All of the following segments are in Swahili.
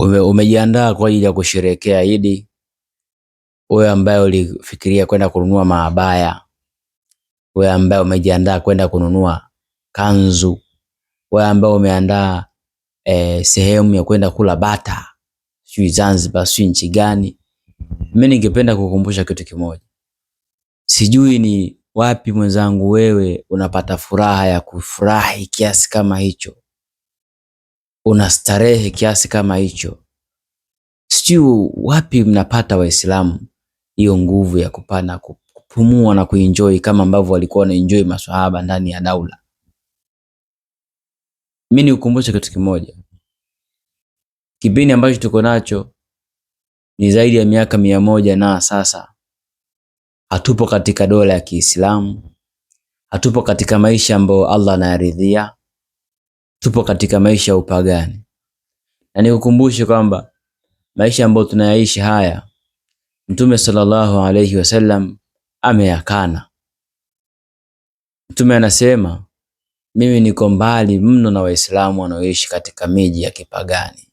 Ume, umejiandaa kwa ajili ya kusherehekea Idi. Wewe ambaye ulifikiria kwenda kununua maabaya, wewe ambaye umejiandaa kwenda kununua kanzu, wewe ambaye umeandaa e, sehemu ya kwenda kula bata, sijui Zanzibar, sijui nchi gani. Mimi ningependa kukumbusha kitu kimoja, sijui ni wapi mwenzangu wewe unapata furaha ya kufurahi kiasi kama hicho una starehe kiasi kama hicho, sijui wapi mnapata Waislamu hiyo nguvu ya kupana kupumua na kuenjoy kama ambavyo walikuwa wanaenjoy maswahaba ndani ya daula. Mimi nikukumbushe kitu kimoja, kipindi ambacho tuko nacho ni zaidi ya miaka mia moja na sasa hatupo katika dola ya Kiislamu, hatupo katika maisha ambayo Allah anayaridhia, tupo katika maisha ya upagani, na nikukumbushe kwamba maisha ambayo tunayaishi haya Mtume sallallahu alayhi wasallam ameyakana. Mtume anasema mimi niko mbali mno na Waislamu wanaoishi katika miji ya kipagani.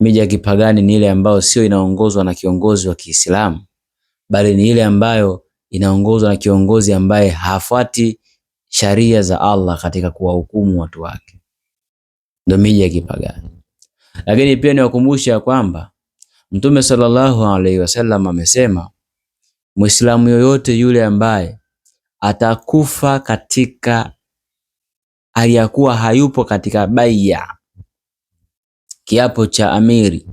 Miji ya kipagani ni ile ambayo sio inaongozwa na kiongozi wa Kiislamu, bali ni ile ambayo inaongozwa na kiongozi ambaye hafuati sharia za Allah katika kuwahukumu watu wake, ndio miji ya kipagani. Lakini pia niwakumbushe ya kwamba Mtume sallallahu alaihi wasallam amesema, Muislamu yoyote yule ambaye atakufa katika aliyakuwa hayupo katika baia, kiapo cha amiri,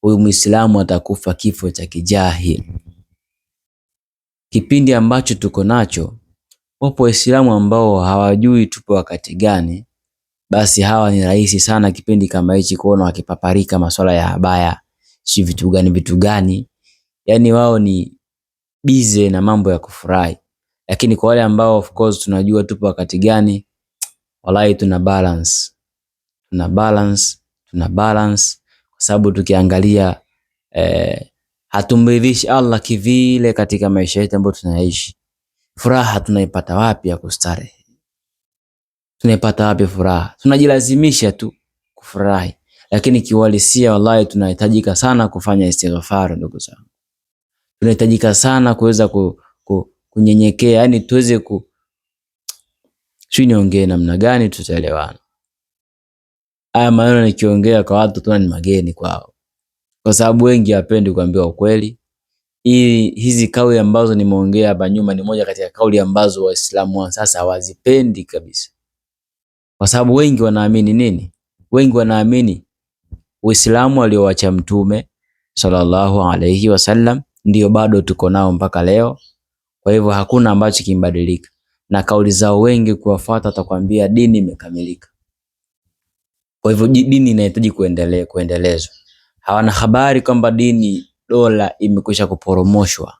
huyu Muislamu atakufa kifo cha kijahili. Kipindi ambacho tuko nacho Wapo Waislamu ambao hawajui tupo wakati gani, basi hawa ni rahisi sana kipindi kama hichi kuona wakipaparika masuala ya habaya, si vitu gani vitu gani, yani wao ni bize na mambo ya kufurahi. Lakini kwa wale ambao of course tunajua tupo wakati gani, wallahi tuna balance, tuna balance, tuna balance kwa sababu tukiangalia eh, hatumridhishi Allah kivile katika maisha yetu ambayo tunaishi. Furaha tunaipata wapi ya kustarehe? Tunaipata wapi furaha? Tunajilazimisha tu kufurahi, lakini kiuhalisia, wallahi, tunahitajika sana kufanya istighfar, ndugu zangu, tunahitajika sana kuweza ku, ku, kunyenyekea, yani tuweze ku sijui niongee namna gani tutaelewana. Haya maneno nikiongea kwa watu tuna ni mageni kwao, kwa sababu wengi hapendi kuambiwa ukweli hii hizi kauli ambazo nimeongea hapa nyuma ni moja kati ya kauli ambazo Waislamu wa sasa hawazipendi kabisa, kwa sababu wengi wanaamini nini? Wengi wanaamini Uislamu aliowacha Mtume sallallahu alayhi wasallam ndio bado tuko nao mpaka leo. Kwa hivyo hakuna ambacho kimbadilika, na kauli zao wengi kuwafuata, atakwambia dini imekamilika. Kwa hivyo dini inahitaji kuendelea kuendelezwa, hawana habari kwamba dini dola imekwisha kuporomoshwa,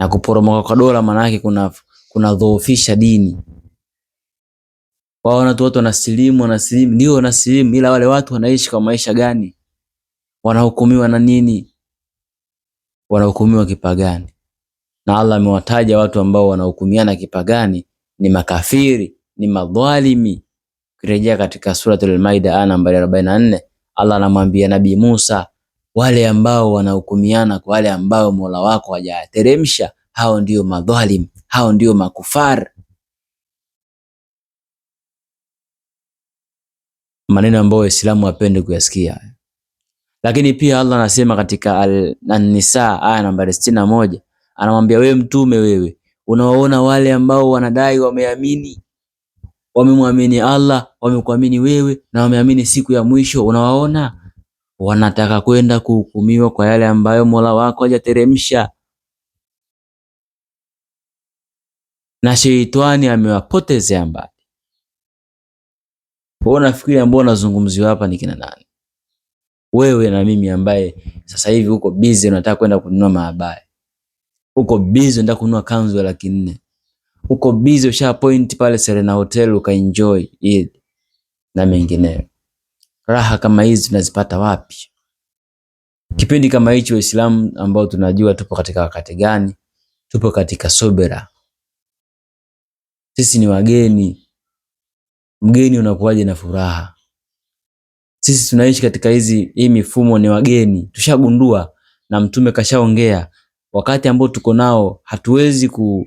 na kuporomoka kwa dola maana yake kuna kunadhoofisha dini. Wao wana watu wanasilimu, wanasilimu, ndio wanasilimu, ila wale watu wanaishi kwa maisha gani? Wanahukumiwa na nini? Wanahukumiwa kipagani, na Allah amewataja watu ambao wanahukumiana kipagani ni makafiri, ni madhalimi. Ukirejea katika Suratul Maida aya nambari 44 Allah anamwambia Nabii Musa wale ambao wanahukumiana kwa wale ambao Mola wako hajayateremsha, hao ndio madhalim, hao ndio makufar. Maneno ambayo Waislamu wapende kuyasikia. Lakini pia Allah anasema katika An-Nisa aya nambari sitini na moja anamwambia wewe mtume, wewe unawaona wale ambao wanadai wameamini, wamemwamini Allah, wamekuamini wewe na wameamini siku ya mwisho, unawaona wanataka kwenda kuhukumiwa kwa yale ambayo Mola wako hajateremsha, na sheitani amewapotezea mbali. Wewe unafikiri ambao unazungumziwa hapa ni kina nani? Wewe na mimi ambaye sasa hivi uko busy unataka kwenda kununua maabaya, uko busy unataka kununua kanzu ya laki nne, uko busy usha point pale Serena Hotel ukaenjoy na mengineyo raha kama hizi tunazipata wapi? Kipindi kama hichi Waislamu ambao tunajua tupo katika wakati gani, tupo katika sobera, sisi ni wageni. Mgeni unakuwaje na furaha? Sisi tunaishi katika hizi hii mifumo, ni wageni, tushagundua na Mtume kashaongea. Wakati ambao tuko nao hatuwezi ku,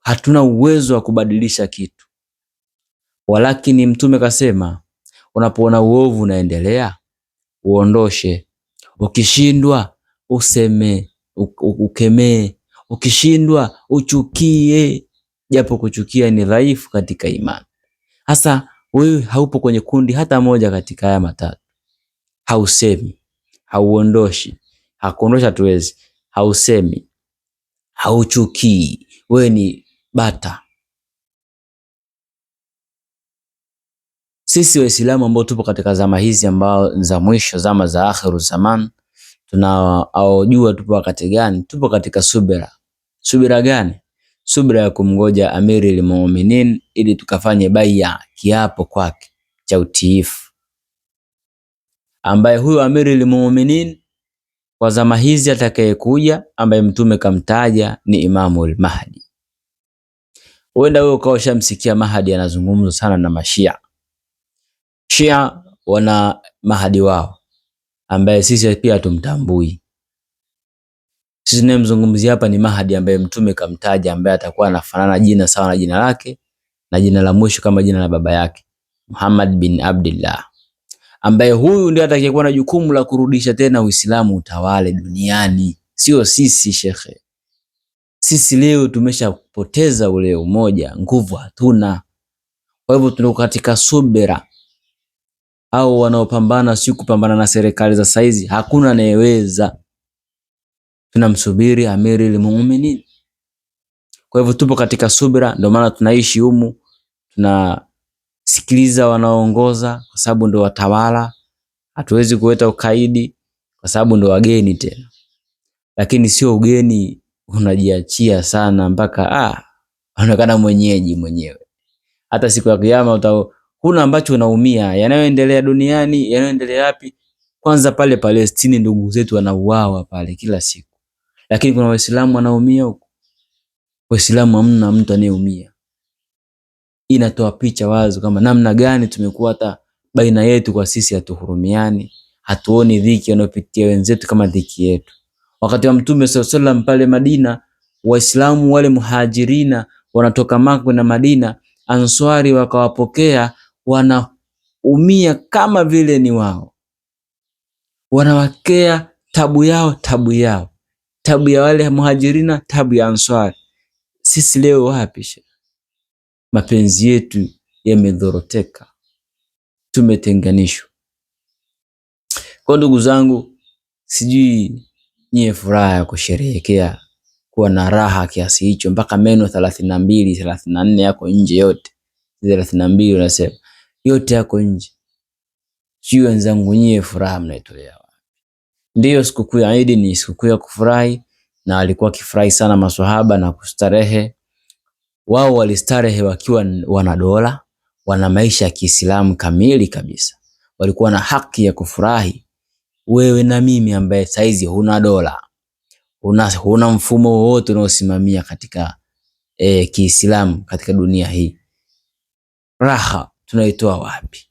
hatuna uwezo wa kubadilisha kitu, walakini Mtume kasema Unapoona uovu unaendelea, uondoshe. Ukishindwa useme, ukemee. Ukishindwa uchukie, japo kuchukia ni dhaifu katika imani. Hasa wewe haupo kwenye kundi hata moja katika haya matatu, hausemi, hauondoshi. Hakuondosha tuwezi, hausemi, hauchukii, wewe ni bata. Sisi Waislamu ambao tupo katika zama hizi ambao za mwisho, zama za akhiru zaman, tunaojua tupo wakati gani? Tupo katika subira. Subira gani? Subira ya kumgoja amiri Mu'minin ili tukafanye bai'a, kiapo kwake cha utiifu, ambaye huyo amiri Mu'minin kwa zama hizi atakayekuja, ambaye mtume kamtaja ni Imamul Mahdi. Huenda wewe ukawa ushamsikia Mahdi anazungumza sana na Mashia Shia wana mahadi wao ambaye sisi pia tumtambui. Sisi tunayemzungumzia hapa ni mahadi ambaye mtume kamtaja, ambaye atakuwa anafanana jina sawa na jina lake na jina la mwisho kama jina la baba yake Muhammad bin Abdullah, ambaye huyu ndiye atakayekuwa na jukumu la kurudisha tena Uislamu utawale duniani, sio sisi shekhe. Sisi leo tumeshapoteza ule umoja, nguvu hatuna. Kwa hivyo tuko katika subira au wanaopambana si kupambana na serikali za saizi, hakuna anayeweza. Tunamsubiri Amirul Muuminin. Kwa hivyo tupo katika subira, ndio maana tunaishi humu, tunasikiliza wanaoongoza kwa sababu ndio watawala. Hatuwezi kuleta ukaidi kwa sababu ndio wageni tena, lakini sio ugeni unajiachia sana mpaka ah, anaonekana mwenyeji mwenyewe. Hata siku ya Kiyama uta huna ambacho unaumia. Yanayoendelea duniani, yanayoendelea wapi? Kwanza pale Palestini, ndugu zetu wanauawa pale kila siku, lakini kuna Waislamu wanaumia huko? Waislamu hamna mtu anayeumia. Inatoa picha wazo kama namna gani tumekuwa hata baina yetu kwa sisi hatuhurumiani, hatuoni dhiki wanayopitia wenzetu kama dhiki yetu. Wakati wa Mtume sallallahu alaihi wasallam pale Madina, Waislamu wale muhajirina wanatoka Maka na Madina, Answari wakawapokea wanaumia kama vile ni wao, wanawakea tabu yao tabu yao tabu ya wale muhajirina tabu ya Answari. Sisi leo wapi Mapenzi yetu yamedhoroteka, tumetenganishwa. Kwa ndugu zangu, sijui nyie furaha ya kusherehekea kuwa na raha kiasi hicho mpaka meno thelathini na mbili thelathini na nne yako nje yote, thelathini na mbili unasema yote yako nje. Sio wenzangu, nyie furaha mnaitolea wapi? Ndiyo, sikukuu ya Eid ni sikukuu ya kufurahi, na alikuwa akifurahi sana maswahaba na kustarehe. Wao walistarehe wakiwa wana dola, wana maisha ya Kiislamu kamili kabisa, walikuwa na haki ya kufurahi. Wewe na mimi ambaye saizi huna dola, huna, huna mfumo wowote unaosimamia katika e, Kiislamu katika dunia hii, raha tunaitoa wapi?